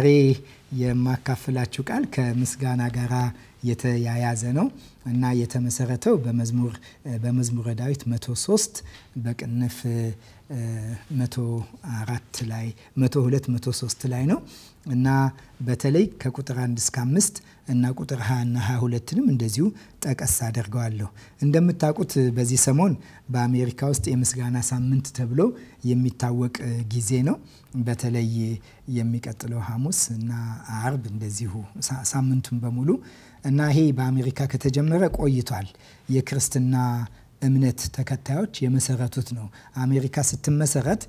ዛሬ የማካፍላችሁ ቃል ከምስጋና ጋር የተያያዘ ነው እና የተመሰረተው በመዝሙር በመዝሙረ ዳዊት 103 በቅንፍ 104 ላይ 102 103 ላይ ነው እና በተለይ ከቁጥር 1 እስከ 5 እና ቁጥር 20 እና 22ንም እንደዚሁ ጠቀስ አደርገዋለሁ። እንደምታውቁት በዚህ ሰሞን በአሜሪካ ውስጥ የምስጋና ሳምንት ተብሎ የሚታወቅ ጊዜ ነው። በተለይ የሚቀጥለው ሐሙስ እና አርብ እንደዚሁ ሳምንቱን በሙሉ እና ይሄ በአሜሪካ ከተጀመረ ቆይቷል የክርስትና እምነት ተከታዮች የመሰረቱት ነው። አሜሪካ ስትመሰረት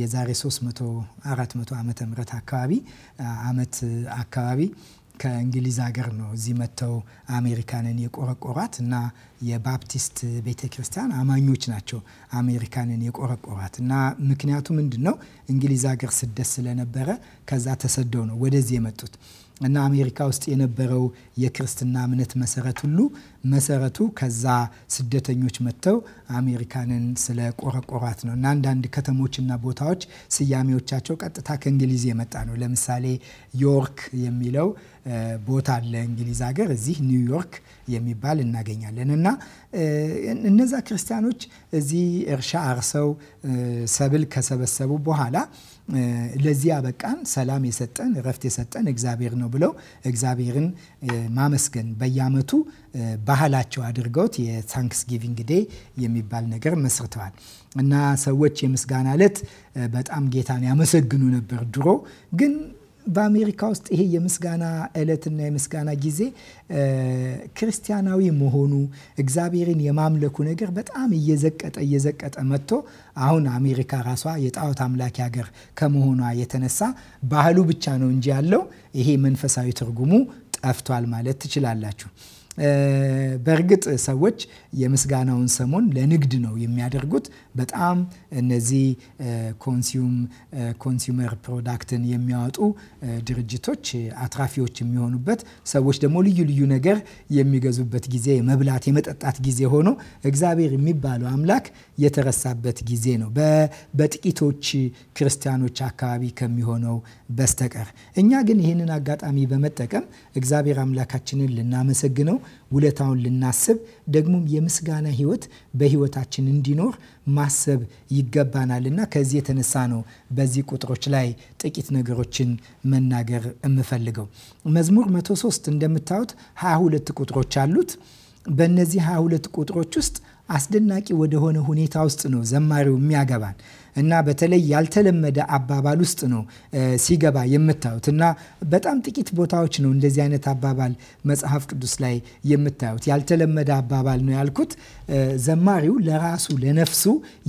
የዛሬ 300 400 ዓመተ ምህረት አካባቢ ዓመት አካባቢ ከእንግሊዝ ሀገር ነው እዚህ መጥተው አሜሪካንን የቆረቆሯት እና የባፕቲስት ቤተ ክርስቲያን አማኞች ናቸው አሜሪካንን የቆረቆሯት እና ምክንያቱ ምንድን ነው? እንግሊዝ ሀገር ስደት ስለነበረ ከዛ ተሰደው ነው ወደዚህ የመጡት እና አሜሪካ ውስጥ የነበረው የክርስትና እምነት መሰረት ሁሉ መሰረቱ ከዛ ስደተኞች መጥተው አሜሪካንን ስለ ቆረቆራት ነው። እና አንዳንድ ከተሞችና ቦታዎች ስያሜዎቻቸው ቀጥታ ከእንግሊዝ የመጣ ነው። ለምሳሌ ዮርክ የሚለው ቦታ አለ እንግሊዝ ሀገር፣ እዚህ ኒውዮርክ የሚባል እናገኛለን። እና እነዛ ክርስቲያኖች እዚህ እርሻ አርሰው ሰብል ከሰበሰቡ በኋላ ለዚህ አበቃን ሰላም የሰጠን እረፍት የሰጠን እግዚአብሔር ነው ብለው እግዚአብሔርን ማመስገን በየአመቱ ባህላቸው አድርገውት የታንክስ ጊቪንግ የሚባል ነገር መስርተዋል እና ሰዎች የምስጋና ዕለት በጣም ጌታን ያመሰግኑ ነበር ድሮ ግን በአሜሪካ ውስጥ ይሄ የምስጋና ዕለትና የምስጋና ጊዜ ክርስቲያናዊ መሆኑ እግዚአብሔርን የማምለኩ ነገር በጣም እየዘቀጠ እየዘቀጠ መጥቶ አሁን አሜሪካ ራሷ የጣዖት አምላኪ ሀገር ከመሆኗ የተነሳ ባህሉ ብቻ ነው እንጂ ያለው ይሄ መንፈሳዊ ትርጉሙ ጠፍቷል ማለት ትችላላችሁ። በእርግጥ ሰዎች የምስጋናውን ሰሞን ለንግድ ነው የሚያደርጉት። በጣም እነዚህ ኮንሱመር ፕሮዳክትን የሚያወጡ ድርጅቶች አትራፊዎች የሚሆኑበት ሰዎች ደግሞ ልዩ ልዩ ነገር የሚገዙበት ጊዜ የመብላት የመጠጣት ጊዜ ሆኖ እግዚአብሔር የሚባለው አምላክ የተረሳበት ጊዜ ነው በጥቂቶች ክርስቲያኖች አካባቢ ከሚሆነው በስተቀር። እኛ ግን ይህንን አጋጣሚ በመጠቀም እግዚአብሔር አምላካችንን ልናመሰግነው ውለታውን ልናስብ ደግሞም የምስጋና ህይወት በህይወታችን እንዲኖር ማሰብ ይገባናል እና ከዚህ የተነሳ ነው በዚህ ቁጥሮች ላይ ጥቂት ነገሮችን መናገር የምፈልገው። መዝሙር 103 እንደምታዩት 22 ቁጥሮች አሉት። በእነዚህ 22 ቁጥሮች ውስጥ አስደናቂ ወደሆነ ሁኔታ ውስጥ ነው ዘማሪው የሚያገባን እና በተለይ ያልተለመደ አባባል ውስጥ ነው ሲገባ የምታዩት እና በጣም ጥቂት ቦታዎች ነው እንደዚህ አይነት አባባል መጽሐፍ ቅዱስ ላይ የምታዩት። ያልተለመደ አባባል ነው ያልኩት ዘማሪው ለራሱ ለነፍሱ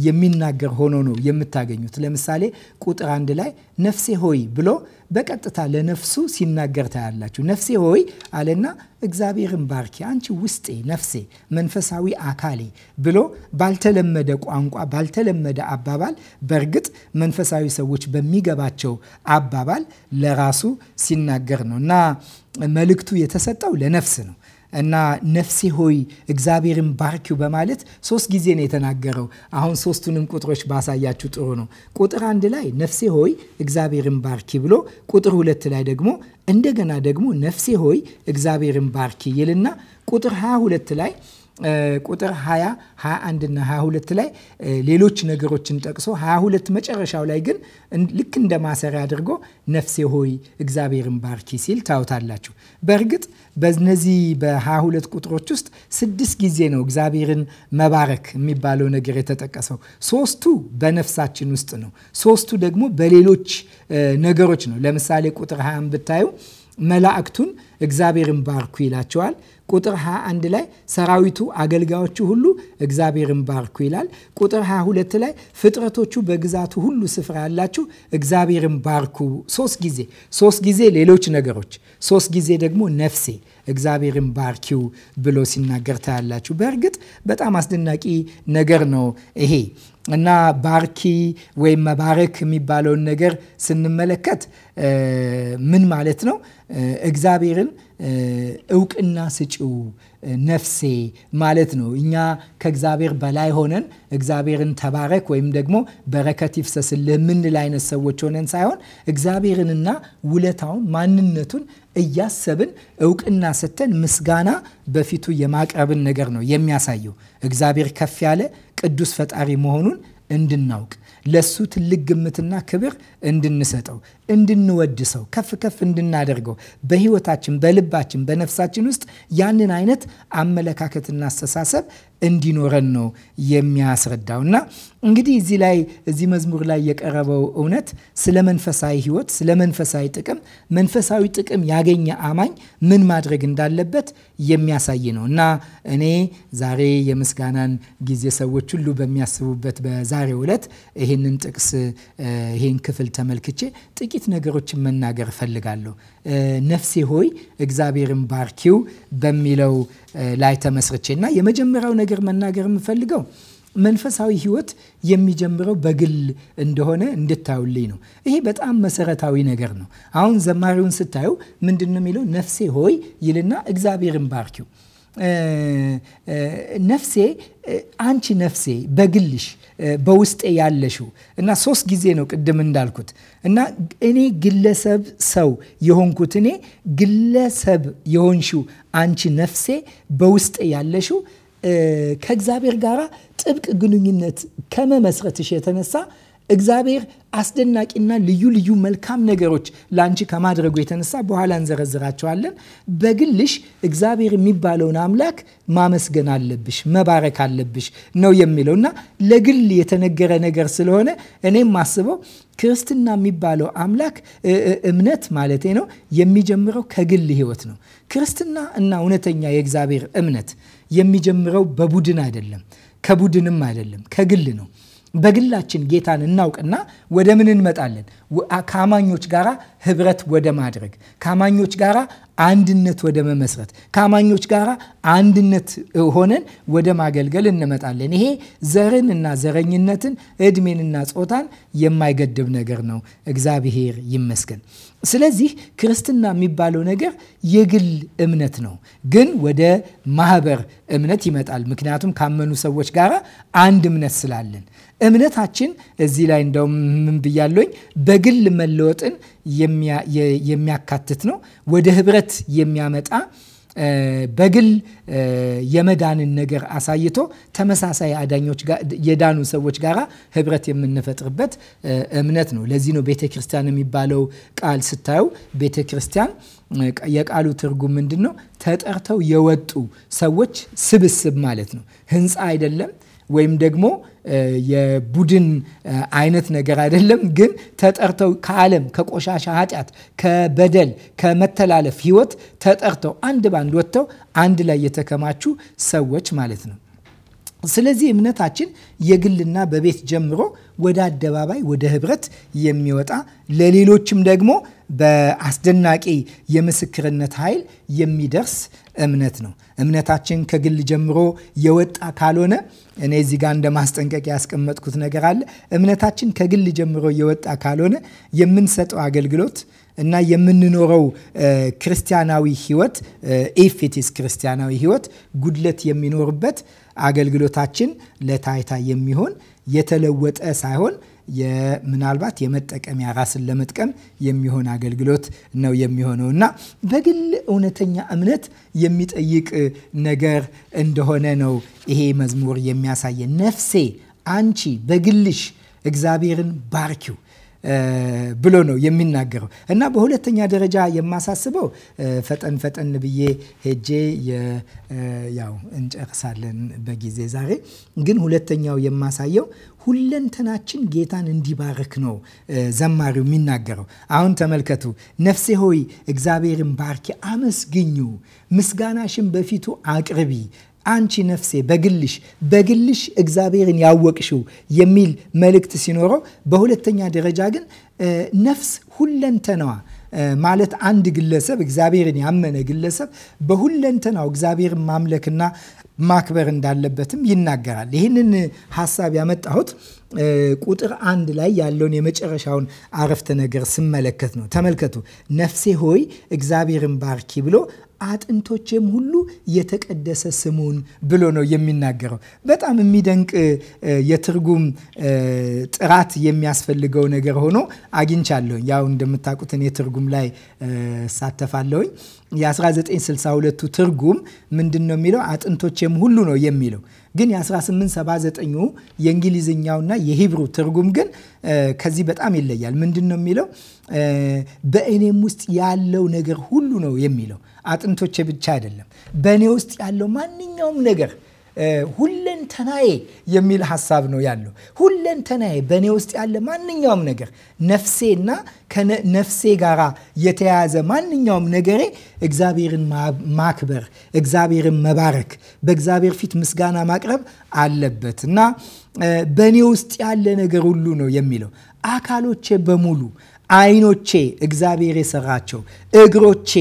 የሚናገር ሆኖ ነው የምታገኙት። ለምሳሌ ቁጥር አንድ ላይ ነፍሴ ሆይ ብሎ በቀጥታ ለነፍሱ ሲናገር ታያላችሁ። ነፍሴ ሆይ አለና እግዚአብሔርን ባርኪ አንቺ ውስጤ ነፍሴ መንፈሳዊ አካሌ ብሎ ባልተለመደ ቋንቋ ባልተለመደ አባባል በእርግጥ መንፈሳዊ ሰዎች በሚገባቸው አባባል ለራሱ ሲናገር ነው እና መልእክቱ የተሰጠው ለነፍስ ነው እና ነፍሴ ሆይ እግዚአብሔርን ባርኪው በማለት ሶስት ጊዜ ነው የተናገረው። አሁን ሶስቱንም ቁጥሮች ባሳያችሁ ጥሩ ነው። ቁጥር አንድ ላይ ነፍሴ ሆይ እግዚአብሔርን ባርኪ ብሎ ቁጥር ሁለት ላይ ደግሞ እንደገና ደግሞ ነፍሴ ሆይ እግዚአብሔርን ባርኪ ይልና ቁጥር 22 ላይ ቁጥር 20 21 እና 22 ላይ ሌሎች ነገሮችን ጠቅሶ 22 መጨረሻው ላይ ግን ልክ እንደ ማሰሪያ አድርጎ ነፍሴ ሆይ እግዚአብሔርን ባርኪ ሲል ታዩታላችሁ። በእርግጥ በነዚህ በ22 ቁጥሮች ውስጥ ስድስት ጊዜ ነው እግዚአብሔርን መባረክ የሚባለው ነገር የተጠቀሰው። ሶስቱ በነፍሳችን ውስጥ ነው፣ ሶስቱ ደግሞ በሌሎች ነገሮች ነው። ለምሳሌ ቁጥር 20 ብታዩ መላእክቱን እግዚአብሔርን ባርኩ ይላቸዋል። ቁጥር 21 ላይ ሰራዊቱ አገልጋዮቹ ሁሉ እግዚአብሔርን ባርኩ ይላል። ቁጥር 22 ላይ ፍጥረቶቹ በግዛቱ ሁሉ ስፍራ ያላችሁ እግዚአብሔርን ባርኩ። ሶስት ጊዜ ሶስት ጊዜ ሌሎች ነገሮች፣ ሶስት ጊዜ ደግሞ ነፍሴ እግዚአብሔርን ባርኪው ብሎ ሲናገር ታያላችሁ። በእርግጥ በጣም አስደናቂ ነገር ነው ይሄ እና ባርኪ ወይም መባረክ የሚባለውን ነገር ስንመለከት ምን ማለት ነው? እግዚአብሔርን እውቅና ስጪው ነፍሴ ማለት ነው። እኛ ከእግዚአብሔር በላይ ሆነን እግዚአብሔርን ተባረክ ወይም ደግሞ በረከት ይፍሰስልህ የምንል አይነት ሰዎች ሆነን ሳይሆን እግዚአብሔርንና ውለታውን ማንነቱን እያሰብን እውቅና ሰተን ምስጋና በፊቱ የማቅረብን ነገር ነው የሚያሳየው እግዚአብሔር ከፍ ያለ ቅዱስ ፈጣሪ መሆኑን እንድናውቅ ለሱ ትልቅ ግምትና ክብር እንድንሰጠው፣ እንድንወድሰው፣ ከፍ ከፍ እንድናደርገው በህይወታችን፣ በልባችን፣ በነፍሳችን ውስጥ ያንን አይነት አመለካከትና አስተሳሰብ እንዲኖረን ነው የሚያስረዳው። እና እንግዲህ እዚህ ላይ እዚህ መዝሙር ላይ የቀረበው እውነት ስለ መንፈሳዊ ህይወት፣ ስለ መንፈሳዊ ጥቅም፣ መንፈሳዊ ጥቅም ያገኘ አማኝ ምን ማድረግ እንዳለበት የሚያሳይ ነው እና እኔ ዛሬ የምስጋናን ጊዜ ሰዎች ሁሉ በሚያስቡበት በዛሬው ዕለት ይህንን ጥቅስ ይህን ክፍል ተመልክቼ ጥቂት ነገሮችን መናገር እፈልጋለሁ። ነፍሴ ሆይ እግዚአብሔርን ባርኪው በሚለው ላይ ተመስርቼ እና የመጀመሪያው ነገር መናገር የምፈልገው መንፈሳዊ ሕይወት የሚጀምረው በግል እንደሆነ እንድታዩልኝ ነው። ይሄ በጣም መሰረታዊ ነገር ነው። አሁን ዘማሪውን ስታዩ ምንድን ነው የሚለው? ነፍሴ ሆይ ይልና እግዚአብሔርን ባርኪው ነፍሴ አንቺ ነፍሴ በግልሽ በውስጤ ያለሽው እና ሶስት ጊዜ ነው ቅድም እንዳልኩት እና እኔ ግለሰብ ሰው የሆንኩት እኔ ግለሰብ የሆንሽው አንቺ ነፍሴ በውስጤ ያለሽው ከእግዚአብሔር ጋር ጥብቅ ግንኙነት ከመመስረትሽ የተነሳ እግዚአብሔር አስደናቂና ልዩ ልዩ መልካም ነገሮች ለአንቺ ከማድረጉ የተነሳ በኋላ እንዘረዝራቸዋለን። በግልሽ እግዚአብሔር የሚባለውን አምላክ ማመስገን አለብሽ፣ መባረክ አለብሽ ነው የሚለው እና ለግል የተነገረ ነገር ስለሆነ እኔም ማስበው ክርስትና የሚባለው አምላክ እምነት ማለት ነው የሚጀምረው ከግል ህይወት ነው። ክርስትና እና እውነተኛ የእግዚአብሔር እምነት የሚጀምረው በቡድን አይደለም፣ ከቡድንም አይደለም፣ ከግል ነው። በግላችን ጌታን እናውቅና ወደ ምን እንመጣለን? ከአማኞች ጋራ ህብረት ወደ ማድረግ፣ ከአማኞች ጋራ አንድነት ወደ መመስረት፣ ከአማኞች ጋራ አንድነት ሆነን ወደ ማገልገል እንመጣለን። ይሄ ዘርን እና ዘረኝነትን እድሜንና ጾታን የማይገድብ ነገር ነው። እግዚአብሔር ይመስገን። ስለዚህ ክርስትና የሚባለው ነገር የግል እምነት ነው፣ ግን ወደ ማህበር እምነት ይመጣል። ምክንያቱም ካመኑ ሰዎች ጋራ አንድ እምነት ስላለን እምነታችን እዚህ ላይ እንደውም ምን ብያለኝ በግል መለወጥን የሚያካትት ነው። ወደ ህብረት የሚያመጣ በግል የመዳንን ነገር አሳይቶ ተመሳሳይ አዳኞች የዳኑ ሰዎች ጋር ህብረት የምንፈጥርበት እምነት ነው። ለዚህ ነው ቤተ ክርስቲያን የሚባለው ቃል ስታዩ ቤተ ክርስቲያን የቃሉ ትርጉም ምንድን ነው? ተጠርተው የወጡ ሰዎች ስብስብ ማለት ነው። ህንፃ አይደለም። ወይም ደግሞ የቡድን አይነት ነገር አይደለም። ግን ተጠርተው ከዓለም ከቆሻሻ ኃጢአት፣ ከበደል፣ ከመተላለፍ ህይወት ተጠርተው አንድ ባንድ ወጥተው አንድ ላይ የተከማቹ ሰዎች ማለት ነው። ስለዚህ እምነታችን የግልና በቤት ጀምሮ ወደ አደባባይ ወደ ህብረት የሚወጣ ለሌሎችም ደግሞ በአስደናቂ የምስክርነት ኃይል የሚደርስ እምነት ነው። እምነታችን ከግል ጀምሮ የወጣ ካልሆነ እኔ እዚህ ጋር እንደ ማስጠንቀቂያ ያስቀመጥኩት ነገር አለ። እምነታችን ከግል ጀምሮ የወጣ ካልሆነ የምንሰጠው አገልግሎት እና የምንኖረው ክርስቲያናዊ ህይወት ኢፊቲስ ክርስቲያናዊ ህይወት ጉድለት የሚኖርበት አገልግሎታችን ለታይታ የሚሆን የተለወጠ ሳይሆን ምናልባት የመጠቀሚያ ራስን ለመጥቀም የሚሆን አገልግሎት ነው የሚሆነው እና በግል እውነተኛ እምነት የሚጠይቅ ነገር እንደሆነ ነው ይሄ መዝሙር የሚያሳየን። ነፍሴ አንቺ በግልሽ እግዚአብሔርን ባርኪው ብሎ ነው የሚናገረው እና በሁለተኛ ደረጃ የማሳስበው ፈጠን ፈጠን ብዬ ሄጄ ያው እንጨርሳለን በጊዜ ዛሬ ግን ሁለተኛው የማሳየው ሁለንተናችን ጌታን እንዲባርክ ነው ዘማሪው የሚናገረው። አሁን ተመልከቱ። ነፍሴ ሆይ እግዚአብሔርን ባርኪ፣ አመስግኙ፣ ምስጋናሽን በፊቱ አቅርቢ፣ አንቺ ነፍሴ በግልሽ በግልሽ እግዚአብሔርን ያወቅሽው የሚል መልእክት ሲኖረው፣ በሁለተኛ ደረጃ ግን ነፍስ ሁለንተናዋ ማለት አንድ ግለሰብ እግዚአብሔርን ያመነ ግለሰብ በሁለንተናው እግዚአብሔርን ማምለክና ማክበር እንዳለበትም ይናገራል። ይህንን ሀሳብ ያመጣሁት ቁጥር አንድ ላይ ያለውን የመጨረሻውን አረፍተ ነገር ስመለከት ነው። ተመልከቱ። ነፍሴ ሆይ እግዚአብሔርን ባርኪ ብሎ አጥንቶቼም ሁሉ የተቀደሰ ስሙን ብሎ ነው የሚናገረው። በጣም የሚደንቅ የትርጉም ጥራት የሚያስፈልገው ነገር ሆኖ አግኝቻለሁኝ። ያው እንደምታውቁት እኔ ትርጉም ላይ እሳተፋለሁኝ። የ1962ቱ ትርጉም ምንድን ነው የሚለው? አጥንቶቼም ሁሉ ነው የሚለው። ግን የ1879ኙ የእንግሊዝኛውና የሂብሩ ትርጉም ግን ከዚህ በጣም ይለያል። ምንድን ነው የሚለው? በእኔም ውስጥ ያለው ነገር ሁሉ ነው የሚለው። አጥንቶቼ ብቻ አይደለም፣ በእኔ ውስጥ ያለው ማንኛውም ነገር ሁለንተናዬ የሚል ሀሳብ ነው ያለው። ሁለንተናዬ በእኔ ውስጥ ያለ ማንኛውም ነገር ነፍሴና ከነፍሴ ጋር የተያያዘ ማንኛውም ነገሬ እግዚአብሔርን ማክበር፣ እግዚአብሔርን መባረክ፣ በእግዚአብሔር ፊት ምስጋና ማቅረብ አለበት እና በእኔ ውስጥ ያለ ነገር ሁሉ ነው የሚለው አካሎቼ በሙሉ አይኖቼ እግዚአብሔር የሰራቸው እግሮቼ፣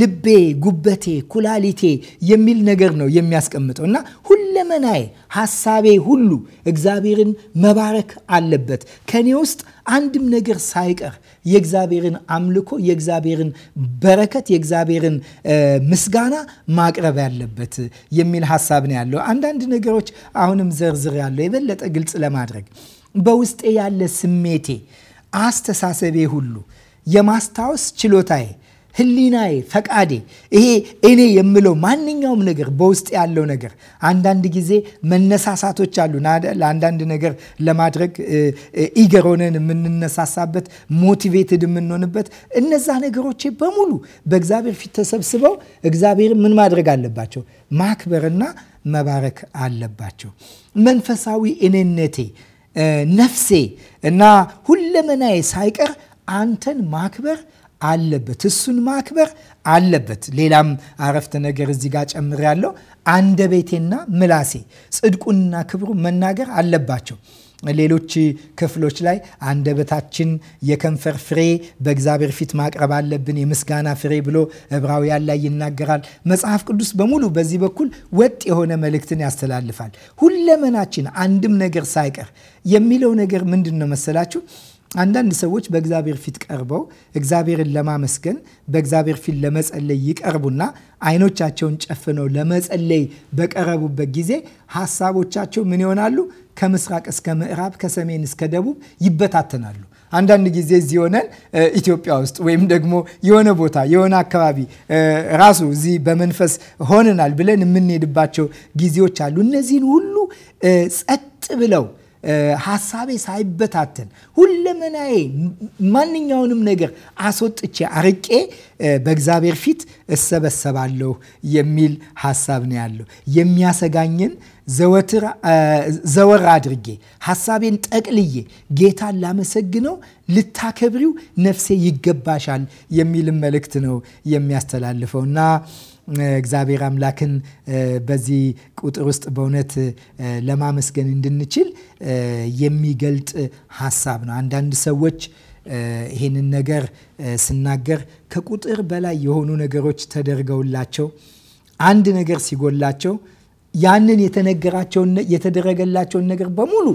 ልቤ፣ ጉበቴ፣ ኩላሊቴ የሚል ነገር ነው የሚያስቀምጠው እና ሁለመናዬ፣ ሀሳቤ ሁሉ እግዚአብሔርን መባረክ አለበት። ከኔ ውስጥ አንድም ነገር ሳይቀር የእግዚአብሔርን አምልኮ፣ የእግዚአብሔርን በረከት፣ የእግዚአብሔርን ምስጋና ማቅረብ ያለበት የሚል ሀሳብ ነው ያለው። አንዳንድ ነገሮች አሁንም ዘርዝር ያለው የበለጠ ግልጽ ለማድረግ በውስጤ ያለ ስሜቴ አስተሳሰቤ ሁሉ፣ የማስታወስ ችሎታዬ፣ ህሊናዬ፣ ፈቃዴ፣ ይሄ እኔ የምለው ማንኛውም ነገር በውስጥ ያለው ነገር አንዳንድ ጊዜ መነሳሳቶች አሉ። ለአንዳንድ ነገር ለማድረግ ኢገር ሆነን የምንነሳሳበት ሞቲቬትድ የምንሆንበት እነዛ ነገሮች በሙሉ በእግዚአብሔር ፊት ተሰብስበው እግዚአብሔር ምን ማድረግ አለባቸው? ማክበርና መባረክ አለባቸው። መንፈሳዊ እኔነቴ ነፍሴ እና ሁለመናዬ ሳይቀር አንተን ማክበር አለበት፣ እሱን ማክበር አለበት። ሌላም አረፍተ ነገር እዚህ ጋር አንደ አንደበቴና ምላሴ ጽድቁንና ክብሩ መናገር አለባቸው። ሌሎች ክፍሎች ላይ አንደበታችን የከንፈር ፍሬ በእግዚአብሔር ፊት ማቅረብ አለብን፣ የምስጋና ፍሬ ብሎ ዕብራውያን ላይ ይናገራል። መጽሐፍ ቅዱስ በሙሉ በዚህ በኩል ወጥ የሆነ መልእክትን ያስተላልፋል። ሁለመናችን አንድም ነገር ሳይቀር የሚለው ነገር ምንድን ነው መሰላችሁ? አንዳንድ ሰዎች በእግዚአብሔር ፊት ቀርበው እግዚአብሔርን ለማመስገን በእግዚአብሔር ፊት ለመጸለይ ይቀርቡና አይኖቻቸውን ጨፍነው ለመጸለይ በቀረቡበት ጊዜ ሀሳቦቻቸው ምን ይሆናሉ? ከምስራቅ እስከ ምዕራብ፣ ከሰሜን እስከ ደቡብ ይበታተናሉ። አንዳንድ ጊዜ እዚህ ሆነን ኢትዮጵያ ውስጥ ወይም ደግሞ የሆነ ቦታ የሆነ አካባቢ ራሱ እዚህ በመንፈስ ሆነናል ብለን የምንሄድባቸው ጊዜዎች አሉ። እነዚህን ሁሉ ጸጥ ብለው ሀሳቤ ሳይበታተን ሁለመናዬ ማንኛውንም ነገር አስወጥቼ አርቄ በእግዚአብሔር ፊት እሰበሰባለሁ የሚል ሀሳብ ነው ያለው። የሚያሰጋኝን ዘወር አድርጌ ሀሳቤን ጠቅልዬ ጌታን ላመሰግነው፣ ልታከብሪው ነፍሴ ይገባሻል የሚልም መልእክት ነው የሚያስተላልፈው እና እግዚአብሔር አምላክን በዚህ ቁጥር ውስጥ በእውነት ለማመስገን እንድንችል የሚገልጥ ሀሳብ ነው። አንዳንድ ሰዎች ይህንን ነገር ስናገር ከቁጥር በላይ የሆኑ ነገሮች ተደርገውላቸው አንድ ነገር ሲጎላቸው ያንን የተነገራቸውን የተደረገላቸውን ነገር በሙሉ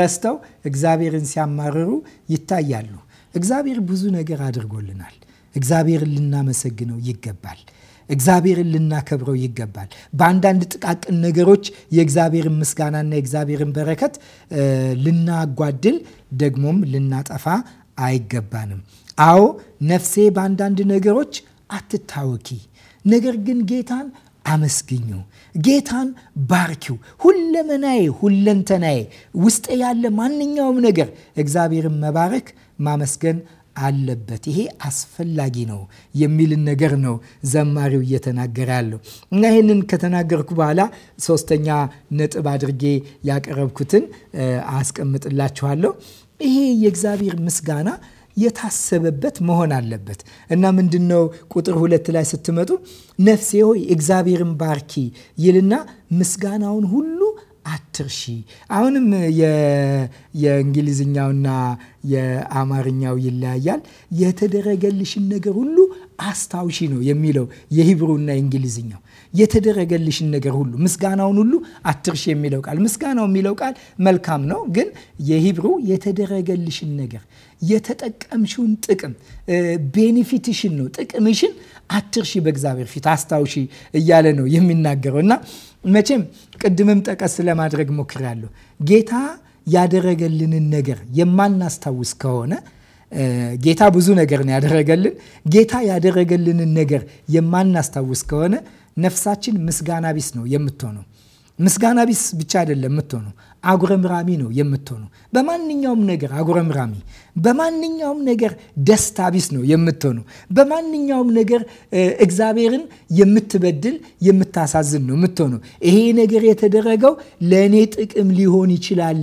ረስተው እግዚአብሔርን ሲያማርሩ ይታያሉ። እግዚአብሔር ብዙ ነገር አድርጎልናል። እግዚአብሔርን ልናመሰግነው ይገባል። እግዚአብሔርን ልናከብረው ይገባል። በአንዳንድ ጥቃቅን ነገሮች የእግዚአብሔርን ምስጋናና የእግዚአብሔርን በረከት ልናጓድል ደግሞም ልናጠፋ አይገባንም። አዎ ነፍሴ በአንዳንድ ነገሮች አትታወኪ፣ ነገር ግን ጌታን አመስግኙ፣ ጌታን ባርኪው። ሁለመናዬ፣ ሁለንተናዬ፣ ውስጤ ያለ ማንኛውም ነገር እግዚአብሔርን መባረክ ማመስገን አለበት። ይሄ አስፈላጊ ነው የሚልን ነገር ነው ዘማሪው እየተናገረ ያለው እና ይህንን ከተናገርኩ በኋላ ሶስተኛ ነጥብ አድርጌ ያቀረብኩትን አስቀምጥላችኋለሁ። ይሄ የእግዚአብሔር ምስጋና የታሰበበት መሆን አለበት እና ምንድን ነው ቁጥር ሁለት ላይ ስትመጡ ነፍሴ ሆይ እግዚአብሔርን ባርኪ ይልና ምስጋናውን ሁሉ አትርሺ። አሁንም የእንግሊዝኛውና የአማርኛው ይለያያል። የተደረገልሽን ነገር ሁሉ አስታውሺ ነው የሚለው የሂብሩና የእንግሊዝኛው የተደረገልሽን ነገር ሁሉ ምስጋናውን ሁሉ አትርሺ የሚለው ቃል ምስጋናው የሚለው ቃል መልካም ነው፣ ግን የሂብሩ የተደረገልሽን ነገር የተጠቀምሽውን ጥቅም ቤኔፊትሽን ነው ጥቅምሽን አትርሺ፣ በእግዚአብሔር ፊት አስታውሺ እያለ ነው የሚናገረው እና መቼም ቅድምም ጠቀስ ለማድረግ ሞክሬያለሁ። ጌታ ያደረገልንን ነገር የማናስታውስ ከሆነ ጌታ ብዙ ነገር ነው ያደረገልን። ጌታ ያደረገልንን ነገር የማናስታውስ ከሆነ ነፍሳችን ምስጋና ቢስ ነው የምትሆነው። ምስጋና ቢስ ብቻ አይደለም የምትሆነው፣ አጉረምራሚ ነው የምትሆነው። በማንኛውም ነገር አጉረምራሚ፣ በማንኛውም ነገር ደስታ ቢስ ነው የምትሆኑ። በማንኛውም ነገር እግዚአብሔርን የምትበድል የምታሳዝን ነው የምትሆኑ። ይሄ ነገር የተደረገው ለእኔ ጥቅም ሊሆን ይችላል።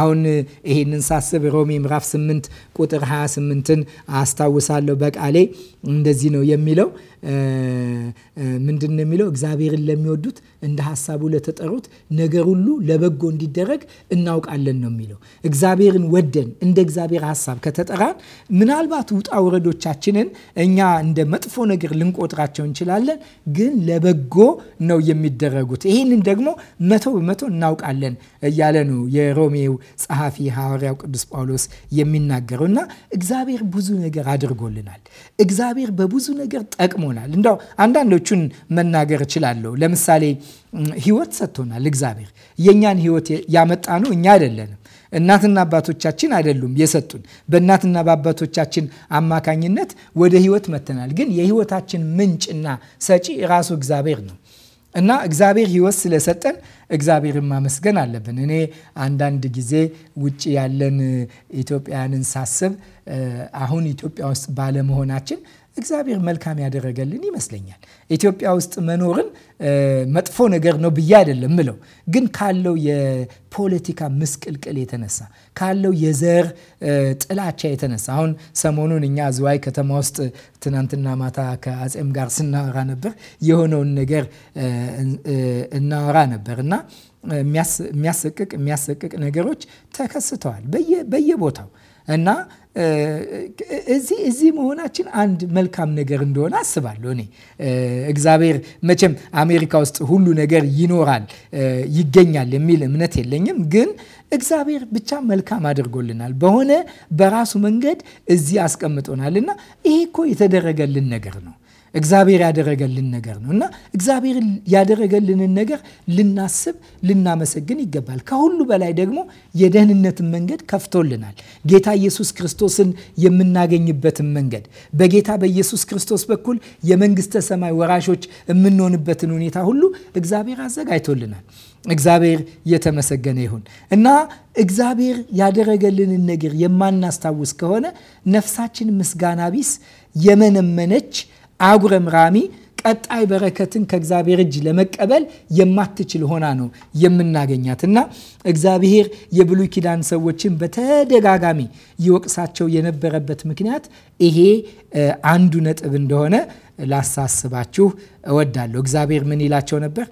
አሁን ይሄንን ሳስብ ሮሜ ምዕራፍ 8 ቁጥር 28ን አስታውሳለሁ። በቃሌ እንደዚህ ነው የሚለው ምንድን ነው የሚለው? እግዚአብሔርን ለሚወዱት እንደ ሀሳቡ ለተጠሩት ነገር ሁሉ ለበጎ እንዲደረግ እናውቃለን ነው የሚለው። እግዚአብሔርን ወደን እንደ እግዚአብሔር ሀሳብ ሀሳብ ከተጠራን ምናልባት ውጣ ውረዶቻችንን እኛ እንደ መጥፎ ነገር ልንቆጥራቸው እንችላለን፣ ግን ለበጎ ነው የሚደረጉት። ይህንን ደግሞ መቶ በመቶ እናውቃለን እያለ ነው የሮሜው ጸሐፊ ሐዋርያው ቅዱስ ጳውሎስ የሚናገረው እና እግዚአብሔር ብዙ ነገር አድርጎልናል። እግዚአብሔር በብዙ ነገር ጠቅሞናል። እንደው አንዳንዶቹን መናገር እችላለሁ። ለምሳሌ ህይወት ሰጥቶናል። እግዚአብሔር የእኛን ህይወት ያመጣ ነው እኛ አይደለንም። እናትና አባቶቻችን አይደሉም የሰጡን። በእናትና በአባቶቻችን አማካኝነት ወደ ህይወት መተናል። ግን የህይወታችን ምንጭና ሰጪ ራሱ እግዚአብሔር ነው እና እግዚአብሔር ህይወት ስለሰጠን እግዚአብሔርን ማመስገን አለብን። እኔ አንዳንድ ጊዜ ውጭ ያለን ኢትዮጵያውያንን ሳስብ አሁን ኢትዮጵያ ውስጥ ባለመሆናችን እግዚአብሔር መልካም ያደረገልን ይመስለኛል። ኢትዮጵያ ውስጥ መኖርን መጥፎ ነገር ነው ብዬ አይደለም ምለው፣ ግን ካለው የፖለቲካ ምስቅልቅል የተነሳ ካለው የዘር ጥላቻ የተነሳ አሁን ሰሞኑን እኛ ዝዋይ ከተማ ውስጥ ትናንትና ማታ ከአጼም ጋር ስናወራ ነበር የሆነውን ነገር እናወራ ነበር እና የሚያሰቅቅ የሚያሰቅቅ ነገሮች ተከስተዋል በየቦታው እና እዚህ እዚህ መሆናችን አንድ መልካም ነገር እንደሆነ አስባለሁ። እኔ እግዚአብሔር መቼም አሜሪካ ውስጥ ሁሉ ነገር ይኖራል ይገኛል የሚል እምነት የለኝም፣ ግን እግዚአብሔር ብቻ መልካም አድርጎልናል በሆነ በራሱ መንገድ እዚህ አስቀምጦናል እና ይሄ እኮ የተደረገልን ነገር ነው እግዚአብሔር ያደረገልን ነገር ነው እና እግዚአብሔር ያደረገልንን ነገር ልናስብ ልናመሰግን ይገባል። ከሁሉ በላይ ደግሞ የደህንነትን መንገድ ከፍቶልናል። ጌታ ኢየሱስ ክርስቶስን የምናገኝበትን መንገድ በጌታ በኢየሱስ ክርስቶስ በኩል የመንግስተ ሰማይ ወራሾች የምንሆንበትን ሁኔታ ሁሉ እግዚአብሔር አዘጋጅቶልናል። እግዚአብሔር የተመሰገነ ይሁን እና እግዚአብሔር ያደረገልንን ነገር የማናስታውስ ከሆነ ነፍሳችን ምስጋና ቢስ የመነመነች አጉረምራሚ ቀጣይ በረከትን ከእግዚአብሔር እጅ ለመቀበል የማትችል ሆና ነው የምናገኛት እና እግዚአብሔር የብሉይ ኪዳን ሰዎችን በተደጋጋሚ ይወቅሳቸው የነበረበት ምክንያት ይሄ አንዱ ነጥብ እንደሆነ ላሳስባችሁ እወዳለሁ። እግዚአብሔር ምን ይላቸው ነበር?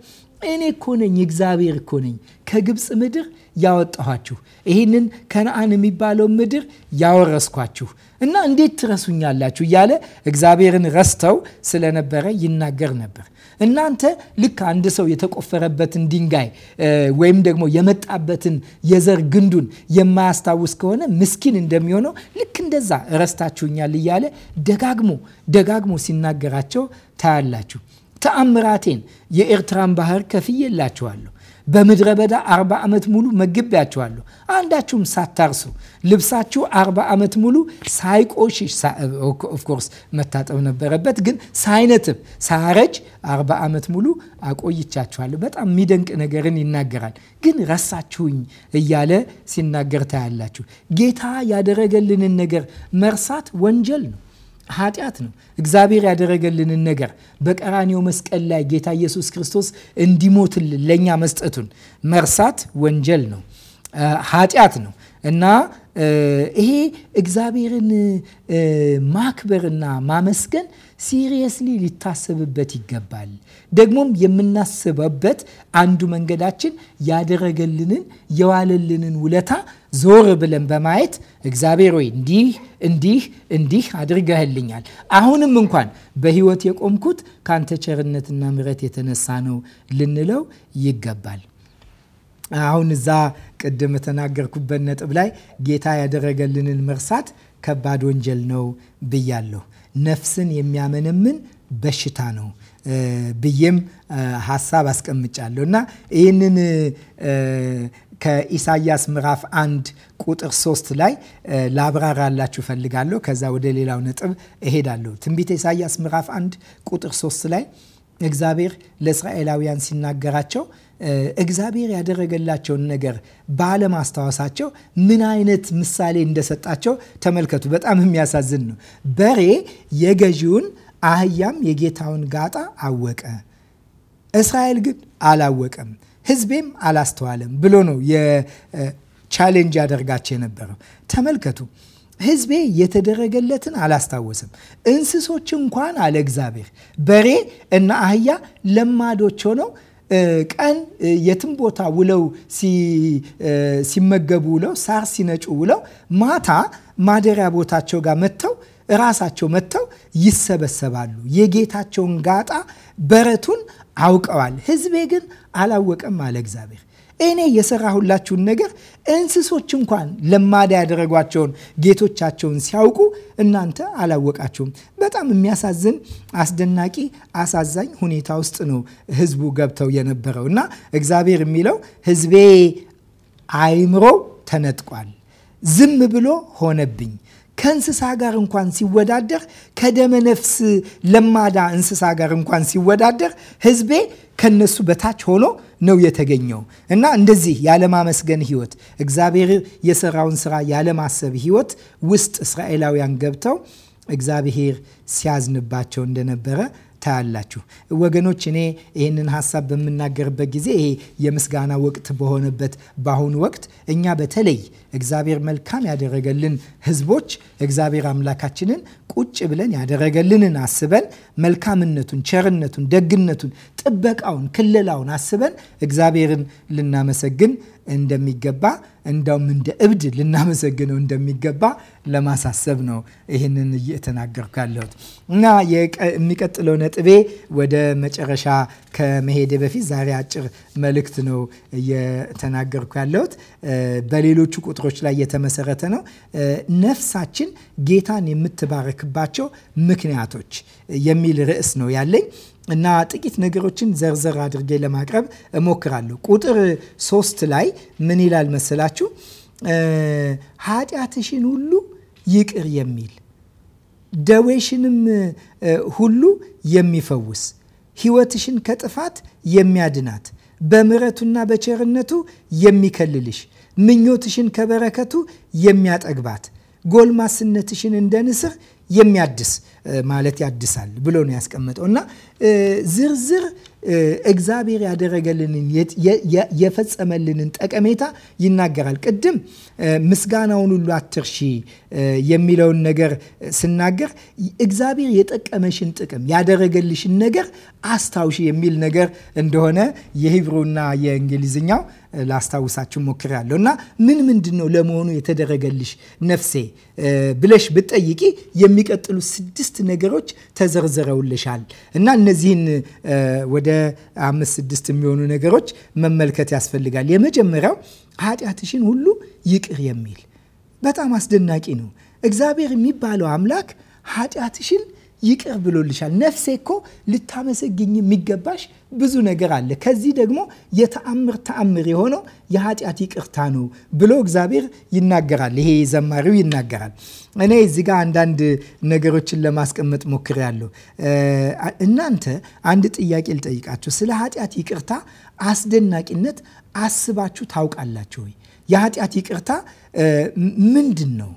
እኔ እኮ ነኝ እግዚአብሔር እኮ ነኝ ከግብፅ ምድር ያወጣኋችሁ፣ ይህንን ከነአን የሚባለው ምድር ያወረስኳችሁ እና እንዴት ትረሱኛላችሁ እያለ እግዚአብሔርን ረስተው ስለነበረ ይናገር ነበር። እናንተ ልክ አንድ ሰው የተቆፈረበትን ድንጋይ ወይም ደግሞ የመጣበትን የዘር ግንዱን የማያስታውስ ከሆነ ምስኪን እንደሚሆነው ልክ እንደዛ ረስታችሁኛል እያለ ደጋግሞ ደጋግሞ ሲናገራቸው ታያላችሁ። ተአምራቴን የኤርትራን ባህር ከፍዬላችኋለሁ። በምድረ በዳ አርባ ዓመት ሙሉ መግቢያችኋለሁ፣ አንዳችሁም ሳታርሱ። ልብሳችሁ አርባ ዓመት ሙሉ ሳይቆሽሽ ኦፍኮርስ መታጠብ ነበረበት፣ ግን ሳይነትብ ሳረጅ አርባ ዓመት ሙሉ አቆይቻችኋለሁ። በጣም የሚደንቅ ነገርን ይናገራል። ግን ረሳችሁኝ እያለ ሲናገር ታያላችሁ። ጌታ ያደረገልንን ነገር መርሳት ወንጀል ነው። ኃጢአት ነው። እግዚአብሔር ያደረገልንን ነገር በቀራኒው መስቀል ላይ ጌታ ኢየሱስ ክርስቶስ እንዲሞትልን ለእኛ መስጠቱን መርሳት ወንጀል ነው፣ ኃጢአት ነው እና ይሄ እግዚአብሔርን ማክበርና ማመስገን ሲሪየስሊ ሊታሰብበት ይገባል። ደግሞም የምናስበበት አንዱ መንገዳችን ያደረገልንን የዋለልንን ውለታ ዞር ብለን በማየት እግዚአብሔር ወይ እንዲህ እንዲህ እንዲህ አድርገህልኛል፣ አሁንም እንኳን በህይወት የቆምኩት ካንተ ቸርነትና ምረት የተነሳ ነው ልንለው ይገባል። አሁን እዛ ቅድም የተናገርኩበት ነጥብ ላይ ጌታ ያደረገልንን መርሳት ከባድ ወንጀል ነው ብያለሁ። ነፍስን የሚያመነምን በሽታ ነው። ብዬም ሀሳብ አስቀምጫለሁ እና ይህንን ከኢሳያስ ምዕራፍ አንድ ቁጥር ሶስት ላይ ላብራራላችሁ ፈልጋለሁ። ከዛ ወደ ሌላው ነጥብ እሄዳለሁ። ትንቢተ ኢሳያስ ምዕራፍ አንድ ቁጥር ሶስት ላይ እግዚአብሔር ለእስራኤላውያን ሲናገራቸው እግዚአብሔር ያደረገላቸውን ነገር ባለማስታወሳቸው ምን አይነት ምሳሌ እንደሰጣቸው ተመልከቱ። በጣም የሚያሳዝን ነው። በሬ የገዢውን አህያም የጌታውን ጋጣ አወቀ፣ እስራኤል ግን አላወቀም፣ ህዝቤም አላስተዋለም ብሎ ነው የቻሌንጅ ያደርጋቸው የነበረው። ተመልከቱ ህዝቤ የተደረገለትን አላስታወስም። እንስሶች እንኳን አለ እግዚአብሔር በሬ እና አህያ ለማዶች ሆነው ቀን የትም ቦታ ውለው ሲመገቡ ውለው ሳር ሲነጩ ውለው ማታ ማደሪያ ቦታቸው ጋር መጥተው ራሳቸው መጥተው ይሰበሰባሉ። የጌታቸውን ጋጣ በረቱን አውቀዋል። ህዝቤ ግን አላወቀም አለ እግዚአብሔር። እኔ የሰራሁላችሁን ነገር እንስሶች እንኳን ለማዳ ያደረጓቸውን ጌቶቻቸውን ሲያውቁ እናንተ አላወቃችሁም። በጣም የሚያሳዝን አስደናቂ፣ አሳዛኝ ሁኔታ ውስጥ ነው ህዝቡ ገብተው የነበረው እና እግዚአብሔር የሚለው ህዝቤ አይምሮ ተነጥቋል፣ ዝም ብሎ ሆነብኝ ከእንስሳ ጋር እንኳን ሲወዳደር ከደመ ነፍስ ለማዳ እንስሳ ጋር እንኳን ሲወዳደር ህዝቤ ከነሱ በታች ሆኖ ነው የተገኘው እና እንደዚህ ያለማመስገን ህይወት እግዚአብሔር የሰራውን ስራ ያለማሰብ ህይወት ውስጥ እስራኤላውያን ገብተው እግዚአብሔር ሲያዝንባቸው እንደነበረ ታያላችሁ። ወገኖች እኔ ይህንን ሀሳብ በምናገርበት ጊዜ ይሄ የምስጋና ወቅት በሆነበት በአሁኑ ወቅት እኛ በተለይ እግዚአብሔር መልካም ያደረገልን ህዝቦች እግዚአብሔር አምላካችንን ቁጭ ብለን ያደረገልንን አስበን መልካምነቱን፣ ቸርነቱን፣ ደግነቱን፣ ጥበቃውን፣ ክልላውን አስበን እግዚአብሔርን ልናመሰግን እንደሚገባ እንዳውም እንደ እብድ ልናመሰግነው እንደሚገባ ለማሳሰብ ነው ይህንን እየተናገርኩ ያለሁት እና የሚቀጥለው ነጥቤ ወደ መጨረሻ ከመሄደ በፊት ዛሬ አጭር መልእክት ነው እየተናገርኩ ያለሁት በሌሎቹ ቁጥሮች ምስክሮች ላይ የተመሰረተ ነው። ነፍሳችን ጌታን የምትባረክባቸው ምክንያቶች የሚል ርዕስ ነው ያለኝ እና ጥቂት ነገሮችን ዘርዘር አድርጌ ለማቅረብ እሞክራለሁ። ቁጥር ሶስት ላይ ምን ይላል መሰላችሁ? ኃጢአትሽን ሁሉ ይቅር የሚል ደዌሽንም ሁሉ የሚፈውስ ሕይወትሽን ከጥፋት የሚያድናት በምሕረቱና በቸርነቱ የሚከልልሽ ምኞትሽን ከበረከቱ የሚያጠግባት ጎልማስነትሽን እንደ ንስር የሚያድስ ማለት ያድሳል ብሎ ነው ያስቀመጠው እና ዝርዝር እግዚአብሔር ያደረገልንን የፈጸመልንን ጠቀሜታ ይናገራል። ቅድም ምስጋናውን ሁሉ አትርሺ የሚለውን ነገር ስናገር እግዚአብሔር የጠቀመሽን ጥቅም ያደረገልሽን ነገር አስታውሺ የሚል ነገር እንደሆነ የሂብሩና የእንግሊዝኛው ላስታውሳችሁ ሞክሬያለሁ እና ምን ምንድን ነው ለመሆኑ የተደረገልሽ ነፍሴ ብለሽ ብትጠይቂ የሚቀጥሉ ስድስት ነገሮች ተዘርዝረውልሻል እና እነዚህን ወደ አምስት ስድስት የሚሆኑ ነገሮች መመልከት ያስፈልጋል። የመጀመሪያው ኃጢአትሽን ሁሉ ይቅር የሚል በጣም አስደናቂ ነው። እግዚአብሔር የሚባለው አምላክ ኃጢአትሽን ይቅር ብሎልሻል። ነፍሴ እኮ ልታመሰግኝ የሚገባሽ ብዙ ነገር አለ። ከዚህ ደግሞ የተአምር ተአምር የሆነው የኃጢአት ይቅርታ ነው ብሎ እግዚአብሔር ይናገራል። ይሄ ዘማሪው ይናገራል። እኔ እዚህ ጋር አንዳንድ ነገሮችን ለማስቀመጥ ሞክሬያለሁ። እናንተ አንድ ጥያቄ ልጠይቃችሁ። ስለ ኃጢአት ይቅርታ አስደናቂነት አስባችሁ ታውቃላችሁ ወይ? የኃጢአት ይቅርታ ምንድን ነው?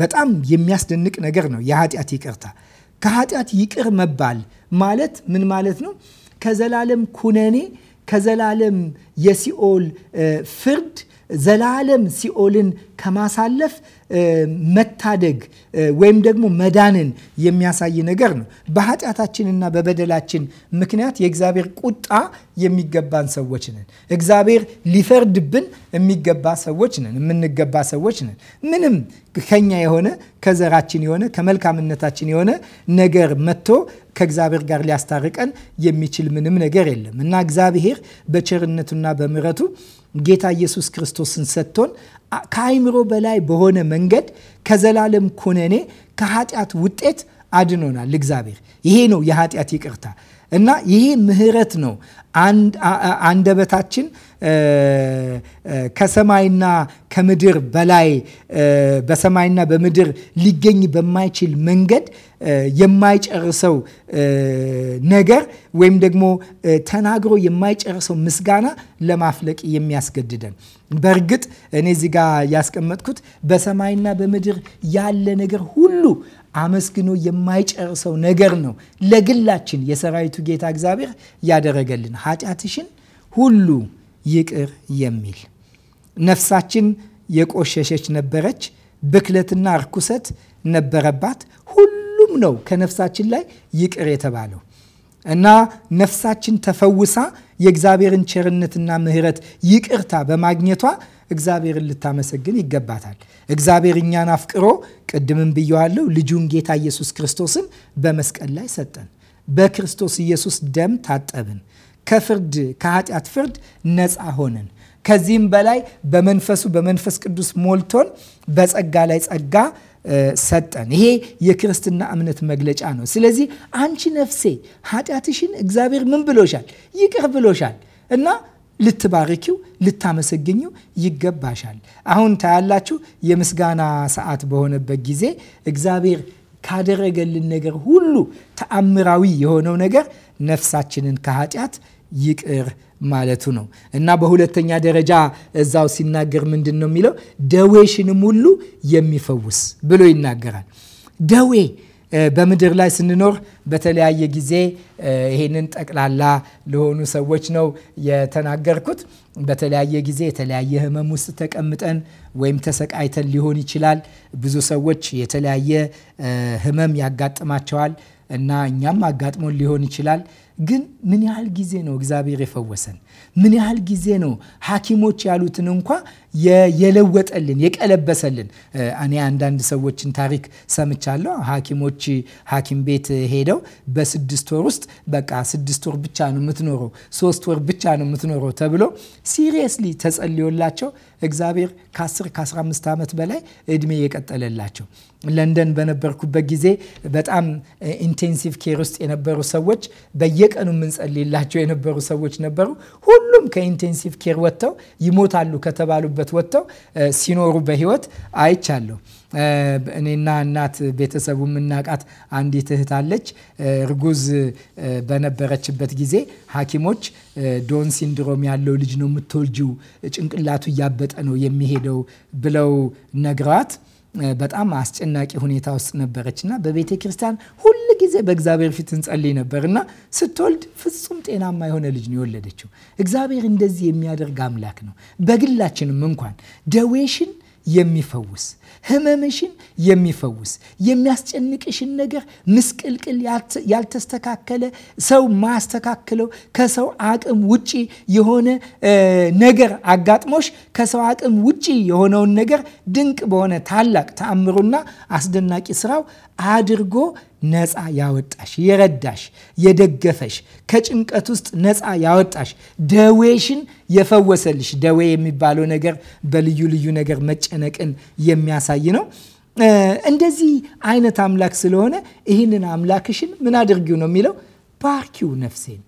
በጣም የሚያስደንቅ ነገር ነው። የኃጢአት ይቅርታ ከኃጢአት ይቅር መባል ማለት ምን ማለት ነው? ከዘላለም ኩነኔ፣ ከዘላለም የሲኦል ፍርድ ዘላለም ሲኦልን ከማሳለፍ መታደግ ወይም ደግሞ መዳንን የሚያሳይ ነገር ነው። በኃጢአታችንና በበደላችን ምክንያት የእግዚአብሔር ቁጣ የሚገባን ሰዎች ነን። እግዚአብሔር ሊፈርድብን የሚገባ ሰዎች ነን፣ የምንገባ ሰዎች ነን። ምንም ከኛ የሆነ ከዘራችን የሆነ ከመልካምነታችን የሆነ ነገር መጥቶ ከእግዚአብሔር ጋር ሊያስታርቀን የሚችል ምንም ነገር የለም እና እግዚአብሔር በቸርነቱና በምሕረቱ ጌታ ኢየሱስ ክርስቶስን ሰጥቶን ከአይምሮ በላይ በሆነ መንገድ ከዘላለም ኩነኔ ከኃጢአት ውጤት አድኖናል እግዚአብሔር። ይሄ ነው የኃጢአት ይቅርታ እና ይሄ ምህረት ነው። አንደበታችን ከሰማይና ከምድር በላይ በሰማይና በምድር ሊገኝ በማይችል መንገድ የማይጨርሰው ነገር ወይም ደግሞ ተናግሮ የማይጨርሰው ምስጋና ለማፍለቅ የሚያስገድደን። በእርግጥ እኔ እዚህ ጋር ያስቀመጥኩት በሰማይና በምድር ያለ ነገር ሁሉ አመስግኖ የማይጨርሰው ነገር ነው። ለግላችን የሰራዊቱ ጌታ እግዚአብሔር ያደረገልን ኃጢአትሽን ሁሉ ይቅር የሚል ነፍሳችን የቆሸሸች ነበረች። ብክለትና እርኩሰት ነበረባት። ሁሉም ነው ከነፍሳችን ላይ ይቅር የተባለው እና ነፍሳችን ተፈውሳ የእግዚአብሔርን ቸርነትና ምሕረት ይቅርታ በማግኘቷ እግዚአብሔርን ልታመሰግን ይገባታል። እግዚአብሔር እኛን አፍቅሮ ቅድምም ብየዋለሁ፣ ልጁን ጌታ ኢየሱስ ክርስቶስን በመስቀል ላይ ሰጠን። በክርስቶስ ኢየሱስ ደም ታጠብን። ከፍርድ ከኃጢአት ፍርድ ነፃ ሆነን ከዚህም በላይ በመንፈሱ በመንፈስ ቅዱስ ሞልቶን በጸጋ ላይ ጸጋ ሰጠን። ይሄ የክርስትና እምነት መግለጫ ነው። ስለዚህ አንቺ ነፍሴ ኃጢአትሽን እግዚአብሔር ምን ብሎሻል? ይቅር ብሎሻል እና ልትባርኪው ልታመሰግኙ ይገባሻል። አሁን ታያላችሁ፣ የምስጋና ሰዓት በሆነበት ጊዜ እግዚአብሔር ካደረገልን ነገር ሁሉ ተአምራዊ የሆነው ነገር ነፍሳችንን ከኃጢአት ይቅር ማለቱ ነው እና በሁለተኛ ደረጃ እዛው ሲናገር ምንድን ነው የሚለው ደዌሽንም ሁሉ የሚፈውስ ብሎ ይናገራል። ደዌ በምድር ላይ ስንኖር በተለያየ ጊዜ ይሄንን ጠቅላላ ለሆኑ ሰዎች ነው የተናገርኩት። በተለያየ ጊዜ የተለያየ ህመም ውስጥ ተቀምጠን ወይም ተሰቃይተን ሊሆን ይችላል። ብዙ ሰዎች የተለያየ ህመም ያጋጥማቸዋል። እና እኛም አጋጥሞን ሊሆን ይችላል። ግን ምን ያህል ጊዜ ነው እግዚአብሔር የፈወሰን? ምን ያህል ጊዜ ነው ሐኪሞች ያሉትን እንኳ የለወጠልን የቀለበሰልን። እኔ አንዳንድ ሰዎችን ታሪክ ሰምቻለሁ። ሐኪሞች ሐኪም ቤት ሄደው በስድስት ወር ውስጥ በቃ ስድስት ወር ብቻ ነው የምትኖረው፣ ሶስት ወር ብቻ ነው የምትኖረው ተብሎ ሲሪየስሊ ተጸልዮላቸው እግዚአብሔር ከ10 ከ15 ዓመት በላይ እድሜ የቀጠለላቸው ለንደን በነበርኩበት ጊዜ በጣም ኢንቴንሲቭ ኬር ውስጥ የነበሩ ሰዎች በየቀኑ የምንጸልይላቸው የነበሩ ሰዎች ነበሩ። ሁሉም ከኢንቴንሲቭ ኬር ወጥተው ይሞታሉ ከተባሉበት ካሉበት ወጥተው ሲኖሩ በህይወት አይቻለሁ። እኔና እናት ቤተሰቡ የምናውቃት አንዲት እህት አለች። እርጉዝ በነበረችበት ጊዜ ሐኪሞች ዶን ሲንድሮም ያለው ልጅ ነው የምትወልጂው፣ ጭንቅላቱ እያበጠ ነው የሚሄደው ብለው ነግረዋት በጣም አስጨናቂ ሁኔታ ውስጥ ነበረች እና በቤተ ክርስቲያን ሁል ጊዜ በእግዚአብሔር ፊት እንጸልይ ነበር እና ስትወልድ ፍጹም ጤናማ የሆነ ልጅ ነው የወለደችው። እግዚአብሔር እንደዚህ የሚያደርግ አምላክ ነው። በግላችንም እንኳን ደዌሽን የሚፈውስ ህመምሽን የሚፈውስ የሚያስጨንቅሽን ነገር ምስቅልቅል ያልተስተካከለ ሰው ማያስተካክለው ከሰው አቅም ውጪ የሆነ ነገር አጋጥሞሽ ከሰው አቅም ውጪ የሆነውን ነገር ድንቅ በሆነ ታላቅ ተአምሩና አስደናቂ ስራው አድርጎ ነፃ ያወጣሽ፣ የረዳሽ፣ የደገፈሽ፣ ከጭንቀት ውስጥ ነፃ ያወጣሽ፣ ደዌሽን የፈወሰልሽ። ደዌ የሚባለው ነገር በልዩ ልዩ ነገር መጨነቅን የሚያሳይ ነው። እንደዚህ አይነት አምላክ ስለሆነ ይህንን አምላክሽን ምን አድርጊው ነው የሚለው? ባርኪው፣ ነፍሴን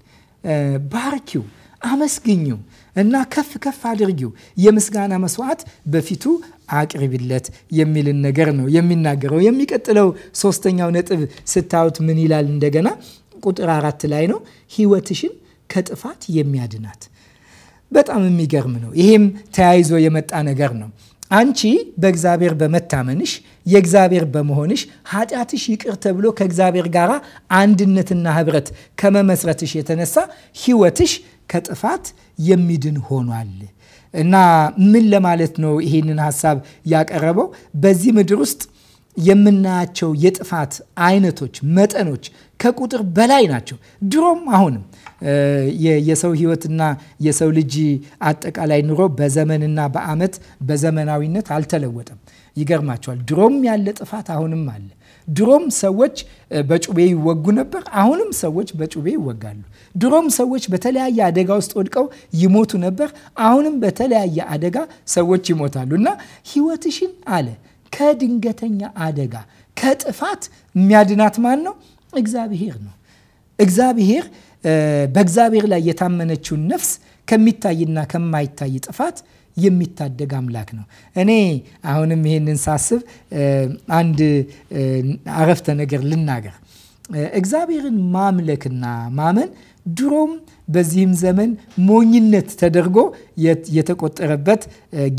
ባርኪው፣ አመስግኝው እና ከፍ ከፍ አድርጊው። የምስጋና መስዋዕት በፊቱ አቅርቢለት የሚልን ነገር ነው የሚናገረው። የሚቀጥለው ሶስተኛው ነጥብ ስታዩት ምን ይላል? እንደገና ቁጥር አራት ላይ ነው ህይወትሽን ከጥፋት የሚያድናት። በጣም የሚገርም ነው። ይሄም ተያይዞ የመጣ ነገር ነው። አንቺ በእግዚአብሔር በመታመንሽ የእግዚአብሔር በመሆንሽ ኃጢአትሽ ይቅር ተብሎ ከእግዚአብሔር ጋር አንድነትና ህብረት ከመመስረትሽ የተነሳ ህይወትሽ ከጥፋት የሚድን ሆኗል። እና ምን ለማለት ነው ይሄንን ሀሳብ ያቀረበው? በዚህ ምድር ውስጥ የምናያቸው የጥፋት አይነቶች፣ መጠኖች ከቁጥር በላይ ናቸው። ድሮም አሁንም የሰው ህይወትና የሰው ልጅ አጠቃላይ ኑሮ በዘመንና በአመት በዘመናዊነት አልተለወጠም። ይገርማቸዋል። ድሮም ያለ ጥፋት አሁንም አለ። ድሮም ሰዎች በጩቤ ይወጉ ነበር። አሁንም ሰዎች በጩቤ ይወጋሉ። ድሮም ሰዎች በተለያየ አደጋ ውስጥ ወድቀው ይሞቱ ነበር። አሁንም በተለያየ አደጋ ሰዎች ይሞታሉ እና ሕይወትሽን አለ ከድንገተኛ አደጋ ከጥፋት የሚያድናት ማን ነው? እግዚአብሔር ነው። እግዚአብሔር በእግዚአብሔር ላይ የታመነችውን ነፍስ ከሚታይና ከማይታይ ጥፋት የሚታደግ አምላክ ነው። እኔ አሁንም ይሄንን ሳስብ አንድ አረፍተ ነገር ልናገር። እግዚአብሔርን ማምለክና ማመን ድሮም በዚህም ዘመን ሞኝነት ተደርጎ የተቆጠረበት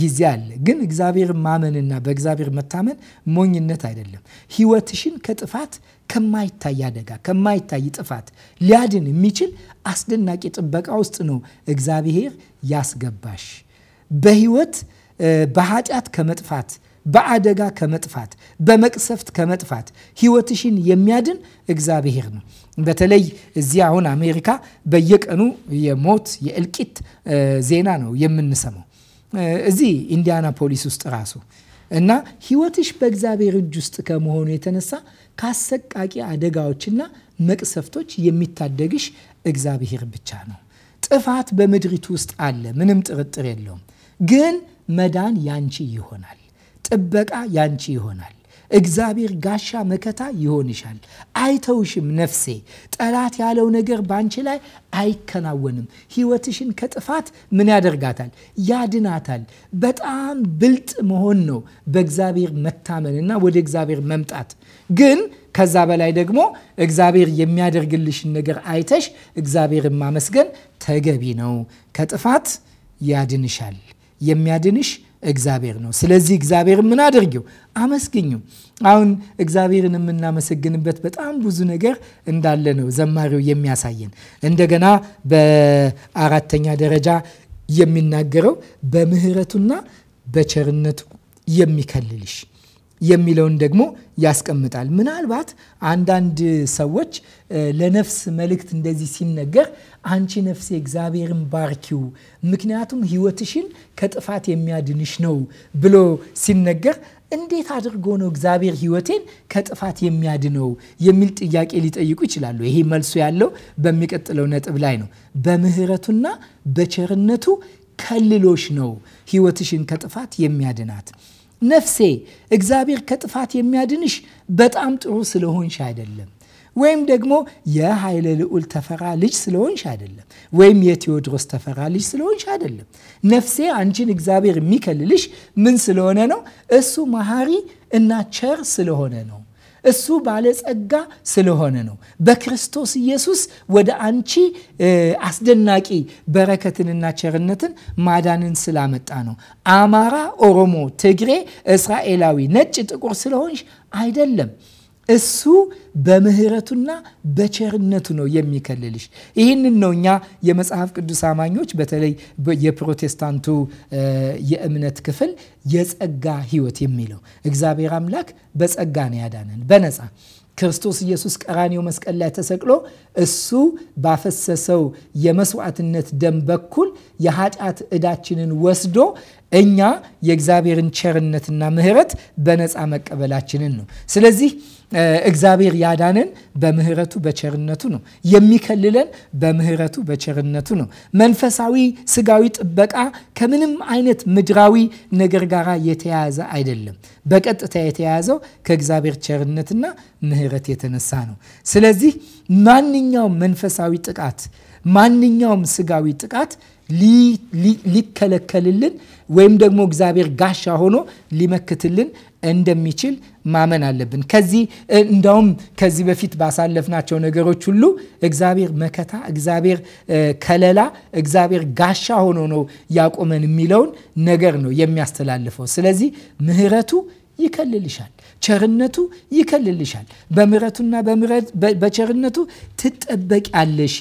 ጊዜ አለ። ግን እግዚአብሔር ማመንና በእግዚአብሔር መታመን ሞኝነት አይደለም። ሕይወትሽን ከጥፋት ከማይታይ አደጋ ከማይታይ ጥፋት ሊያድን የሚችል አስደናቂ ጥበቃ ውስጥ ነው እግዚአብሔር ያስገባሽ። በህይወት በኃጢአት ከመጥፋት በአደጋ ከመጥፋት በመቅሰፍት ከመጥፋት ህይወትሽን የሚያድን እግዚአብሔር ነው። በተለይ እዚህ አሁን አሜሪካ በየቀኑ የሞት የእልቂት ዜና ነው የምንሰማው እዚህ ኢንዲያናፖሊስ ውስጥ ራሱ እና ህይወትሽ በእግዚአብሔር እጅ ውስጥ ከመሆኑ የተነሳ ከአሰቃቂ አደጋዎችና መቅሰፍቶች የሚታደግሽ እግዚአብሔር ብቻ ነው። ጥፋት በምድሪቱ ውስጥ አለ፣ ምንም ጥርጥር የለውም። ግን መዳን ያንቺ ይሆናል። ጥበቃ ያንቺ ይሆናል። እግዚአብሔር ጋሻ መከታ ይሆንሻል። አይተውሽም ነፍሴ። ጠላት ያለው ነገር ባንቺ ላይ አይከናወንም። ሕይወትሽን ከጥፋት ምን ያደርጋታል? ያድናታል። በጣም ብልጥ መሆን ነው በእግዚአብሔር መታመን እና ወደ እግዚአብሔር መምጣት ግን ከዛ በላይ ደግሞ እግዚአብሔር የሚያደርግልሽን ነገር አይተሽ እግዚአብሔርን ማመስገን ተገቢ ነው። ከጥፋት ያድንሻል። የሚያድንሽ እግዚአብሔር ነው። ስለዚህ እግዚአብሔር ምን አድርጊው? አመስግኙ። አሁን እግዚአብሔርን የምናመሰግንበት በጣም ብዙ ነገር እንዳለ ነው ዘማሪው የሚያሳየን። እንደገና በአራተኛ ደረጃ የሚናገረው በምህረቱና በቸርነቱ የሚከልልሽ የሚለውን ደግሞ ያስቀምጣል። ምናልባት አንዳንድ ሰዎች ለነፍስ መልእክት እንደዚህ ሲነገር አንቺ ነፍሴ እግዚአብሔርን ባርኪው ምክንያቱም ህይወትሽን ከጥፋት የሚያድንሽ ነው ብሎ ሲነገር እንዴት አድርጎ ነው እግዚአብሔር ህይወቴን ከጥፋት የሚያድነው የሚል ጥያቄ ሊጠይቁ ይችላሉ። ይሄ መልሱ ያለው በሚቀጥለው ነጥብ ላይ ነው። በምህረቱና በቸርነቱ ከልሎሽ ነው ህይወትሽን ከጥፋት የሚያድናት። ነፍሴ እግዚአብሔር ከጥፋት የሚያድንሽ በጣም ጥሩ ስለሆንሽ አይደለም ወይም ደግሞ የኃይለ ልዑል ተፈራ ልጅ ስለሆንሽ አይደለም፣ ወይም የቴዎድሮስ ተፈራ ልጅ ስለሆንሽ አይደለም። ነፍሴ አንቺን እግዚአብሔር የሚከልልሽ ምን ስለሆነ ነው? እሱ መሐሪ እና ቸር ስለሆነ ነው። እሱ ባለጸጋ ስለሆነ ነው። በክርስቶስ ኢየሱስ ወደ አንቺ አስደናቂ በረከትንና ቸርነትን ማዳንን ስላመጣ ነው። አማራ፣ ኦሮሞ፣ ትግሬ፣ እስራኤላዊ፣ ነጭ፣ ጥቁር ስለሆንሽ አይደለም። እሱ በምህረቱና በቸርነቱ ነው የሚከልልሽ። ይህንን ነው እኛ የመጽሐፍ ቅዱስ አማኞች በተለይ የፕሮቴስታንቱ የእምነት ክፍል የጸጋ ህይወት የሚለው እግዚአብሔር አምላክ በጸጋ ነው ያዳነን በነፃ ክርስቶስ ኢየሱስ ቀራኒው መስቀል ላይ ተሰቅሎ እሱ ባፈሰሰው የመስዋዕትነት ደም በኩል የኃጢአት ዕዳችንን ወስዶ እኛ የእግዚአብሔርን ቸርነትና ምህረት በነፃ መቀበላችንን ነው። ስለዚህ እግዚአብሔር ያዳነን በምህረቱ በቸርነቱ ነው። የሚከልለን በምህረቱ በቸርነቱ ነው። መንፈሳዊ ስጋዊ ጥበቃ ከምንም አይነት ምድራዊ ነገር ጋር የተያያዘ አይደለም። በቀጥታ የተያያዘው ከእግዚአብሔር ቸርነትና ምህረት የተነሳ ነው። ስለዚህ ማንኛውም መንፈሳዊ ጥቃት፣ ማንኛውም ስጋዊ ጥቃት ሊከለከልልን ወይም ደግሞ እግዚአብሔር ጋሻ ሆኖ ሊመክትልን እንደሚችል ማመን አለብን። ከዚህ እንዳውም ከዚህ በፊት ባሳለፍናቸው ነገሮች ሁሉ እግዚአብሔር መከታ፣ እግዚአብሔር ከለላ፣ እግዚአብሔር ጋሻ ሆኖ ነው ያቆመን የሚለውን ነገር ነው የሚያስተላልፈው። ስለዚህ ምሕረቱ ይከልልሻል ቸርነቱ ይከልልሻል። በምረቱና በቸርነቱ ትጠበቂያለሽ።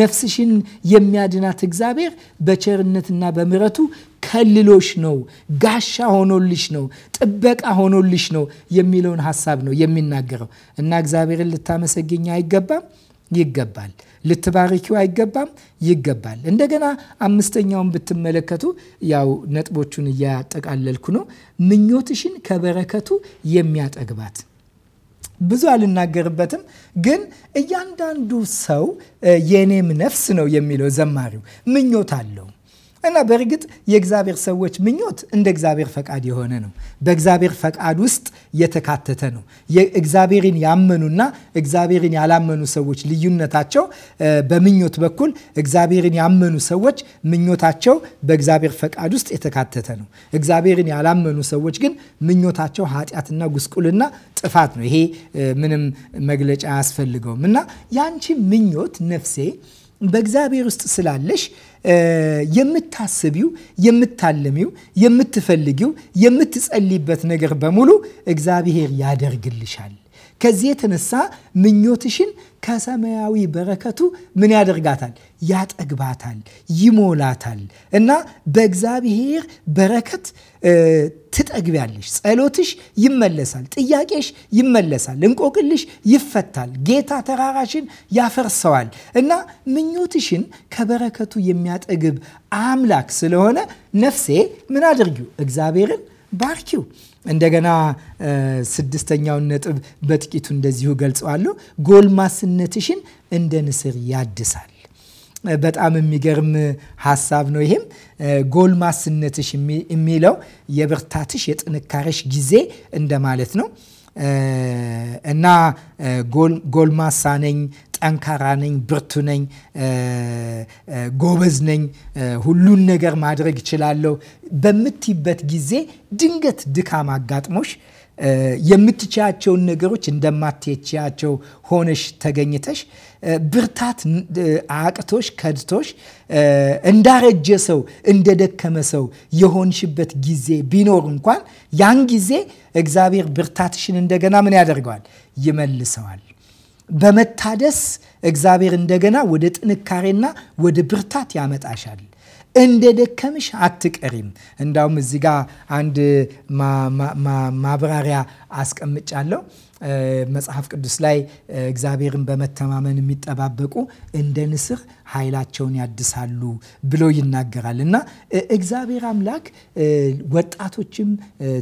ነፍስሽን የሚያድናት እግዚአብሔር በቸርነትና በምረቱ ከልሎሽ ነው፣ ጋሻ ሆኖልሽ ነው፣ ጥበቃ ሆኖልሽ ነው የሚለውን ሀሳብ ነው የሚናገረው እና እግዚአብሔርን ልታመሰግኝ አይገባም። ይገባል። ልትባርኪው አይገባም፣ ይገባል። እንደገና አምስተኛውን ብትመለከቱ ያው ነጥቦቹን እያጠቃለልኩ ነው። ምኞትሽን ከበረከቱ የሚያጠግባት ብዙ አልናገርበትም፣ ግን እያንዳንዱ ሰው የእኔም ነፍስ ነው የሚለው ዘማሪው ምኞት አለው እና በእርግጥ የእግዚአብሔር ሰዎች ምኞት እንደ እግዚአብሔር ፈቃድ የሆነ ነው። በእግዚአብሔር ፈቃድ ውስጥ የተካተተ ነው። እግዚአብሔርን ያመኑና እግዚአብሔርን ያላመኑ ሰዎች ልዩነታቸው በምኞት በኩል እግዚአብሔርን ያመኑ ሰዎች ምኞታቸው በእግዚአብሔር ፈቃድ ውስጥ የተካተተ ነው። እግዚአብሔርን ያላመኑ ሰዎች ግን ምኞታቸው ኃጢአትና ጉስቁልና ጥፋት ነው። ይሄ ምንም መግለጫ አያስፈልገውም እና ያንቺ ምኞት ነፍሴ በእግዚአብሔር ውስጥ ስላለሽ የምታስቢው፣ የምታልሚው፣ የምትፈልጊው፣ የምትጸልይበት ነገር በሙሉ እግዚአብሔር ያደርግልሻል። ከዚህ የተነሳ ምኞትሽን ከሰማያዊ በረከቱ ምን ያደርጋታል? ያጠግባታል፣ ይሞላታል። እና በእግዚአብሔር በረከት ትጠግቢያለሽ። ጸሎትሽ ይመለሳል፣ ጥያቄሽ ይመለሳል፣ እንቆቅልሽ ይፈታል። ጌታ ተራራሽን ያፈርሰዋል እና ምኞትሽን ከበረከቱ የሚያጠግብ አምላክ ስለሆነ ነፍሴ ምን አድርጊው? እግዚአብሔርን ባርኪው። እንደገና ስድስተኛውን ነጥብ በጥቂቱ እንደዚሁ ገልጸዋለሁ። ጎልማስነትሽን እንደ ንስር ያድሳል። በጣም የሚገርም ሀሳብ ነው። ይሄም ጎልማስነትሽ የሚለው የብርታትሽ የጥንካሬሽ ጊዜ እንደማለት ነው እና ጎልማሳ ነኝ ጠንካራ ነኝ፣ ብርቱ ነኝ፣ ጎበዝ ነኝ፣ ሁሉን ነገር ማድረግ እችላለሁ በምትይበት ጊዜ ድንገት ድካም አጋጥሞሽ የምትችያቸውን ነገሮች እንደማትችያቸው ሆነሽ ተገኝተሽ ብርታት አቅቶሽ ከድቶሽ እንዳረጀ ሰው እንደደከመ ሰው የሆንሽበት ጊዜ ቢኖር እንኳን ያን ጊዜ እግዚአብሔር ብርታትሽን እንደገና ምን ያደርገዋል? ይመልሰዋል። በመታደስ እግዚአብሔር እንደገና ወደ ጥንካሬና ወደ ብርታት ያመጣሻል። እንደ ደከምሽ አትቀሪም። እንዳውም እዚህ ጋር አንድ ማብራሪያ አስቀምጫለሁ። መጽሐፍ ቅዱስ ላይ እግዚአብሔርን በመተማመን የሚጠባበቁ እንደ ንስር ኃይላቸውን ያድሳሉ ብሎ ይናገራል እና እግዚአብሔር አምላክ ወጣቶችም፣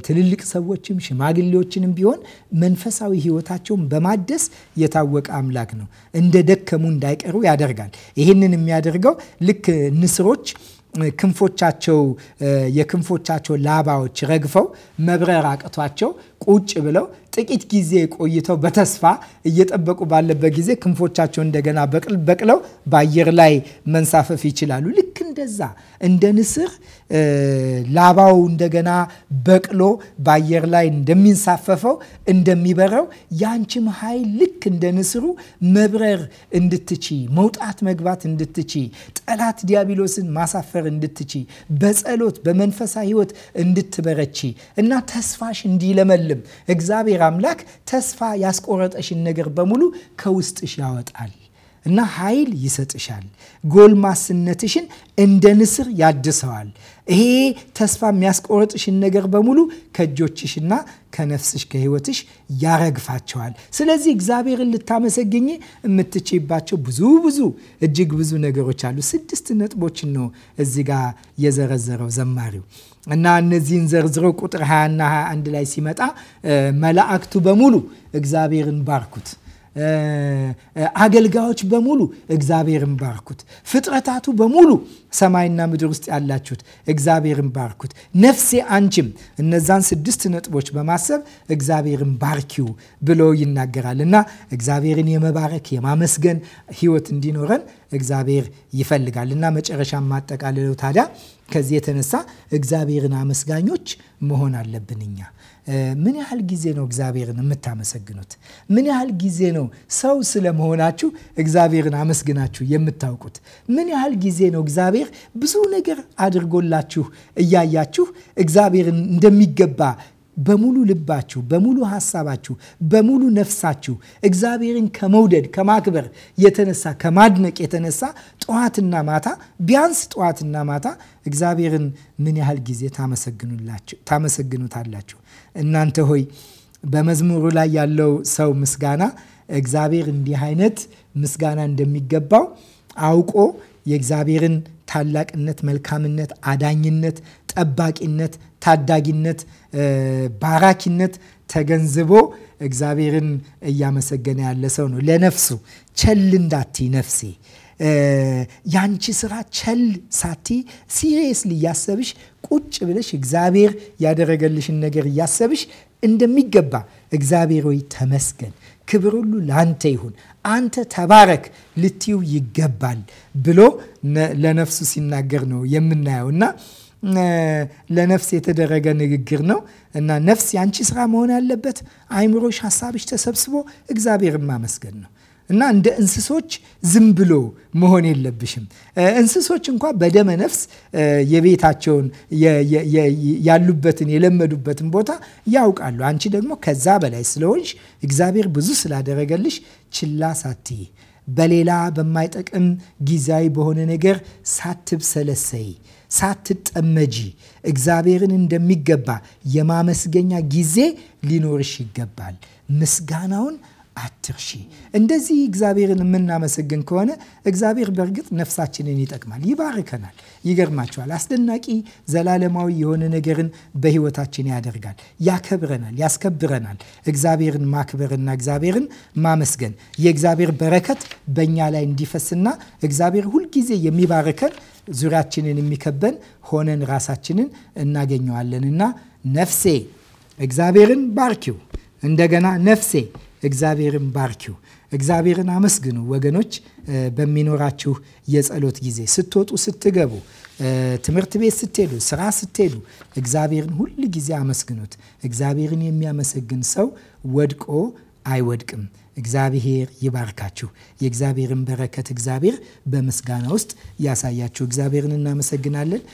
ትልልቅ ሰዎችም፣ ሽማግሌዎችንም ቢሆን መንፈሳዊ ሕይወታቸውን በማደስ የታወቀ አምላክ ነው። እንደ ደከሙ እንዳይቀሩ ያደርጋል። ይህንን የሚያደርገው ልክ ንስሮች ክንፎቻቸው የክንፎቻቸው ላባዎች ረግፈው መብረር አቅቷቸው ቁጭ ብለው ጥቂት ጊዜ ቆይተው በተስፋ እየጠበቁ ባለበት ጊዜ ክንፎቻቸው እንደገና በቅለው በአየር ላይ መንሳፈፍ ይችላሉ። ልክ እንደዛ እንደ ንስር ላባው እንደገና በቅሎ በአየር ላይ እንደሚንሳፈፈው እንደሚበረው ያንቺም ኃይል ልክ እንደ ንስሩ መብረር እንድትቺ መውጣት መግባት እንድትቺ ጠላት ዲያብሎስን ማሳፈር እንድትቺ በጸሎት በመንፈሳዊ ሕይወት እንድትበረቺ እና ተስፋሽ እንዲለመልም እግዚአብሔር አምላክ ተስፋ ያስቆረጠሽን ነገር በሙሉ ከውስጥሽ ያወጣል እና ኃይል ይሰጥሻል። ጎልማስነትሽን እንደ ንስር ያድሰዋል። ይሄ ተስፋ የሚያስቆረጥሽን ነገር በሙሉ ከእጆችሽና ከነፍስሽ ከህይወትሽ ያረግፋቸዋል። ስለዚህ እግዚአብሔርን ልታመሰግኝ የምትችይባቸው ብዙ ብዙ እጅግ ብዙ ነገሮች አሉ። ስድስት ነጥቦችን ነው እዚህ ጋር የዘረዘረው ዘማሪው። እና እነዚህን ዘርዝሮ ቁጥር 20 ና 21 ላይ ሲመጣ መላእክቱ በሙሉ እግዚአብሔርን ባርኩት አገልጋዮች በሙሉ እግዚአብሔርን ባርኩት። ፍጥረታቱ በሙሉ ሰማይና ምድር ውስጥ ያላችሁት እግዚአብሔርን ባርኩት። ነፍሴ አንቺም እነዛን ስድስት ነጥቦች በማሰብ እግዚአብሔርን ባርኪው ብሎ ይናገራል እና እግዚአብሔርን የመባረክ የማመስገን ህይወት እንዲኖረን እግዚአብሔር ይፈልጋል እና መጨረሻ ማጠቃለለው ታዲያ ከዚህ የተነሳ እግዚአብሔርን አመስጋኞች መሆን አለብን እኛ ምን ያህል ጊዜ ነው እግዚአብሔርን የምታመሰግኑት? ምን ያህል ጊዜ ነው ሰው ስለመሆናችሁ እግዚአብሔርን አመስግናችሁ የምታውቁት? ምን ያህል ጊዜ ነው እግዚአብሔር ብዙ ነገር አድርጎላችሁ እያያችሁ እግዚአብሔርን እንደሚገባ በሙሉ ልባችሁ፣ በሙሉ ሀሳባችሁ፣ በሙሉ ነፍሳችሁ እግዚአብሔርን ከመውደድ ከማክበር የተነሳ ከማድነቅ የተነሳ ጠዋትና ማታ ቢያንስ ጠዋትና ማታ እግዚአብሔርን ምን ያህል ጊዜ ታመሰግኑታላችሁ? እናንተ ሆይ በመዝሙሩ ላይ ያለው ሰው ምስጋና እግዚአብሔር እንዲህ አይነት ምስጋና እንደሚገባው አውቆ የእግዚአብሔርን ታላቅነት፣ መልካምነት፣ አዳኝነት፣ ጠባቂነት ታዳጊነት፣ ባራኪነት ተገንዝቦ እግዚአብሔርን እያመሰገነ ያለ ሰው ነው። ለነፍሱ ቸል እንዳቲ ነፍሴ ያንቺ ስራ ቸል ሳቲ ሲሪየስሊ እያሰብሽ ቁጭ ብለሽ እግዚአብሔር ያደረገልሽን ነገር እያሰብሽ እንደሚገባ እግዚአብሔር ወይ ተመስገን፣ ክብር ሁሉ ለአንተ ይሁን፣ አንተ ተባረክ ልትዩ ይገባል ብሎ ለነፍሱ ሲናገር ነው የምናየው እና ለነፍስ የተደረገ ንግግር ነው እና ነፍስ የአንቺ ስራ መሆን ያለበት አይምሮሽ፣ ሀሳብሽ ተሰብስቦ እግዚአብሔር ማመስገን ነው እና እንደ እንስሶች ዝም ብሎ መሆን የለብሽም። እንስሶች እንኳ በደመ ነፍስ የቤታቸውን ያሉበትን የለመዱበትን ቦታ ያውቃሉ። አንቺ ደግሞ ከዛ በላይ ስለሆንሽ እግዚአብሔር ብዙ ስላደረገልሽ ችላ ሳትይ በሌላ በማይጠቅም ጊዜያዊ በሆነ ነገር ሳትብሰለሰይ ሳትጠመጂ እግዚአብሔርን እንደሚገባ የማመስገኛ ጊዜ ሊኖርሽ ይገባል። ምስጋናውን አትርሺ። እንደዚህ እግዚአብሔርን የምናመሰግን ከሆነ እግዚአብሔር በእርግጥ ነፍሳችንን ይጠቅማል፣ ይባርከናል። ይገርማቸዋል። አስደናቂ ዘላለማዊ የሆነ ነገርን በህይወታችን ያደርጋል፣ ያከብረናል፣ ያስከብረናል። እግዚአብሔርን ማክበርና እግዚአብሔርን ማመስገን የእግዚአብሔር በረከት በእኛ ላይ እንዲፈስና እግዚአብሔር ሁልጊዜ የሚባርከን ዙሪያችንን የሚከበን ሆነን ራሳችንን እናገኘዋለንና ነፍሴ እግዚአብሔርን ባርኪው። እንደገና ነፍሴ እግዚአብሔርን ባርኪው፣ እግዚአብሔርን አመስግኑ ወገኖች። በሚኖራችሁ የጸሎት ጊዜ ስትወጡ፣ ስትገቡ፣ ትምህርት ቤት ስትሄዱ፣ ስራ ስትሄዱ እግዚአብሔርን ሁል ጊዜ አመስግኑት። እግዚአብሔርን የሚያመሰግን ሰው ወድቆ አይወድቅም። እግዚአብሔር ይባርካችሁ። የእግዚአብሔርን በረከት እግዚአብሔር በምስጋና ውስጥ ያሳያችሁ። እግዚአብሔርን እናመሰግናለን።